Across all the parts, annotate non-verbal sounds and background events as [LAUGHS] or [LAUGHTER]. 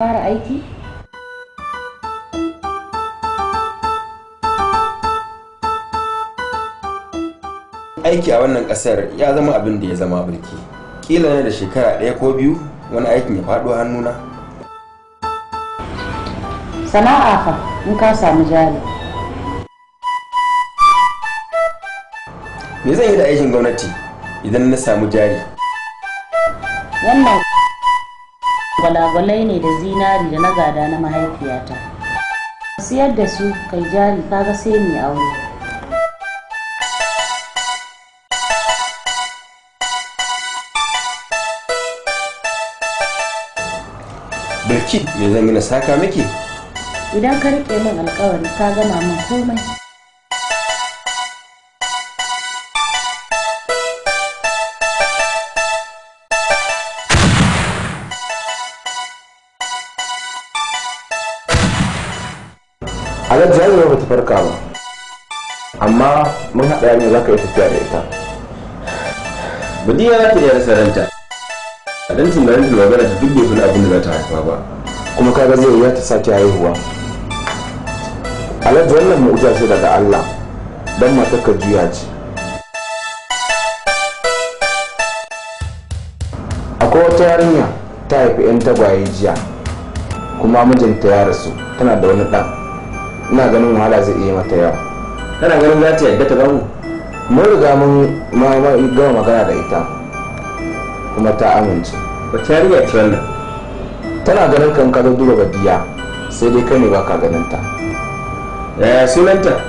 fara aiki aiki a wannan ƙasar ya zama abin da ya zama birki kila ne da shekara ɗaya ko biyu wani aikin ya faɗo hannuna sana'a fa in ka samu jari me zan yi da aikin gwamnati idan na samu jari wannan gwalagwalai ne da zinari da na gada na mahaifiyata siyar da su kai jari kaga sai mu aure Bilki, me zan mina saka miki? Idan ka riƙe min alƙawari ka gama min komai. a ya jarira ba farka ba amma mun haɗa yarinya za ka yi tafiya da ita badiya ya ta iya rasa ranta a ɗan tunanin da ta duk bai abin da za ta haifa ba kuma kaga zai ya ta sake haihuwa alhaji wannan mu'ujiza ce daga allah don matar ka juya ce akwai wata yarinya ta haifi 'yan tagwaye jiya kuma mijinta ya rasu tana da wani ɗan ina ganin wahala zai iya mata yawa kana ganin za ta yadda ta bamu mun riga mun gama magana da ita kuma ta amince wacce yarinya ce yalla. tana ganin kan ka duba badiya sai dai kai ne baka ganin ta yaya sunanta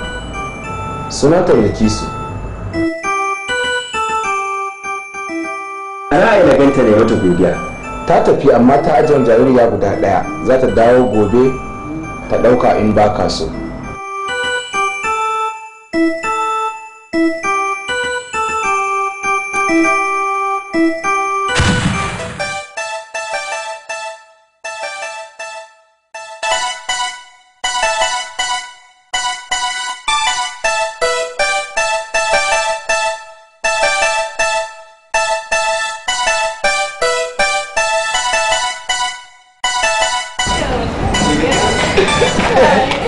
sunanta kisu. ra'ayi na ganta ne wata godiya ta tafi amma ta ajiyar jaririya guda daya za ta dawo gobe ka ɗauka in ba ka so Thank [LAUGHS] you.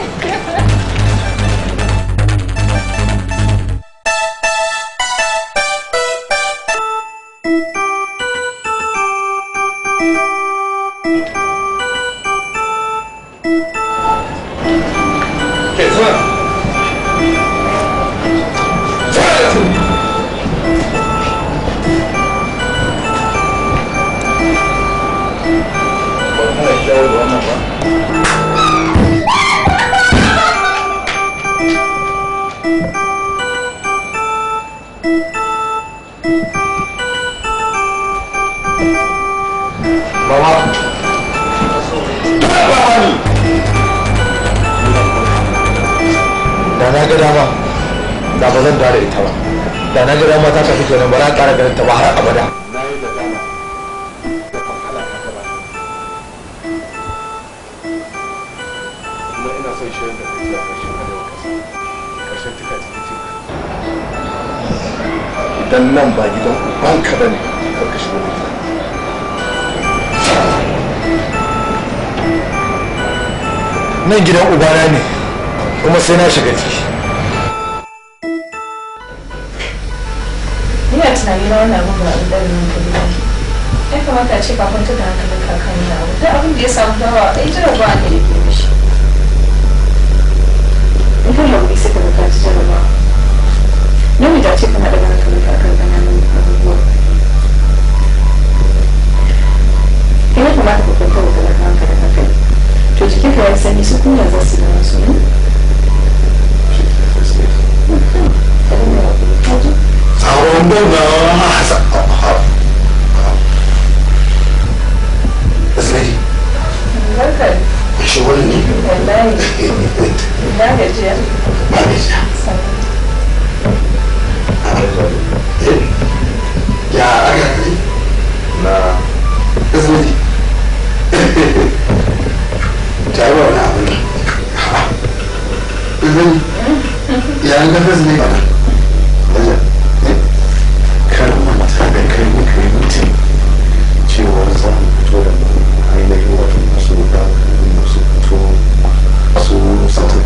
ga dama da ba zan dare ita ba da na ga dama ta tafi kenan ba za a ƙara ganin ta ba har abada nan ba gidan ubanka ba ne karka shigo nan gidan ne kuma sai na shiga ciki a tunani na wannan abin ba abin da ne ka gida ya kamata a ce kafin tunan hankalin kakan da abu duk abin da ya samu dawa ai jira ba ne people know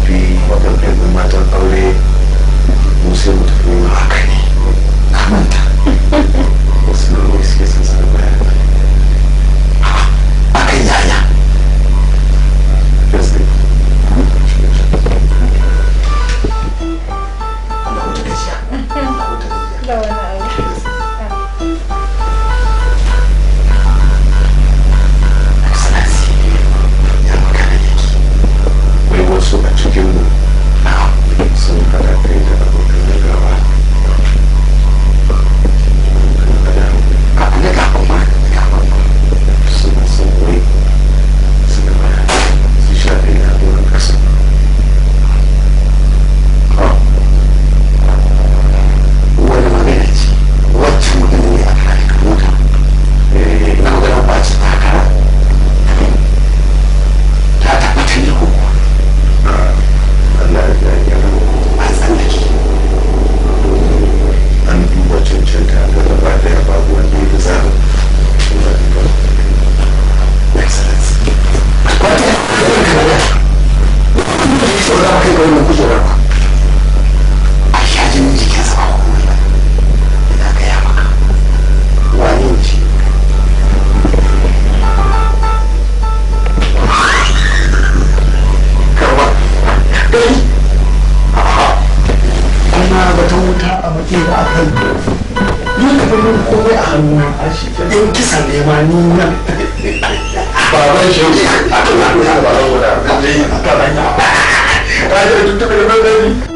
wapi, wapeleke matangazo pale, msiwe à mwenye a makera a kai ni ka fi min komai a hannu don kisan ne ma ni nan baban shi ne a kan hannu da baban wuda da zai yi ta banya ba ta yi tuntuɓe da bai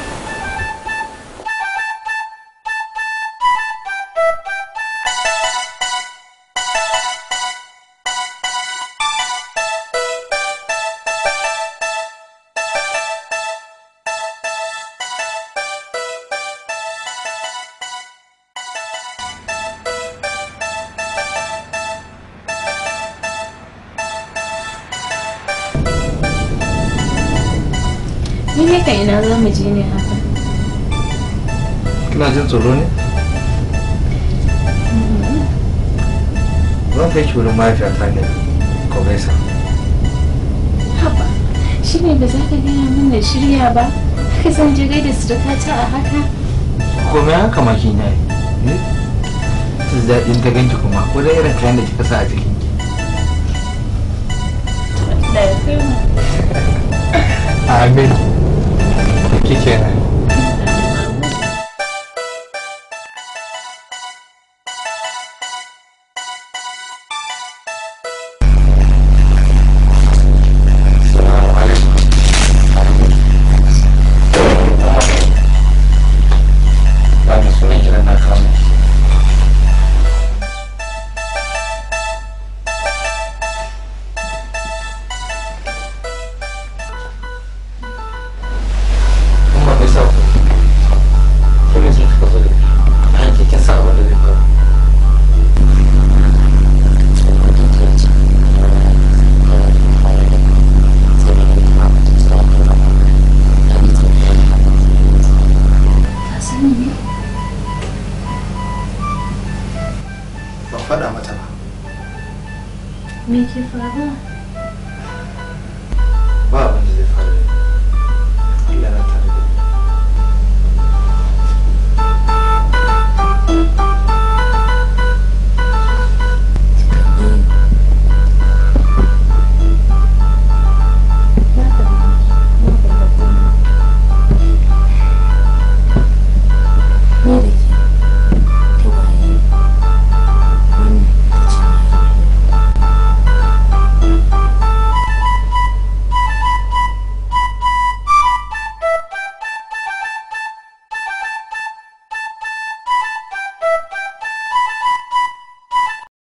Ni ne ina za mu je ne haka. Kina jin tsoro ne? Zan kai ki wurin mahaifiyata ne, ko gaisa. Haba, shi ne ba za ka gaya min shirya ba, ka san je su da a haka. haka maki eh? daɗin ta ganki kuma, ko da irin kayan da kika sa a jikinki. ki. Amin. 一天。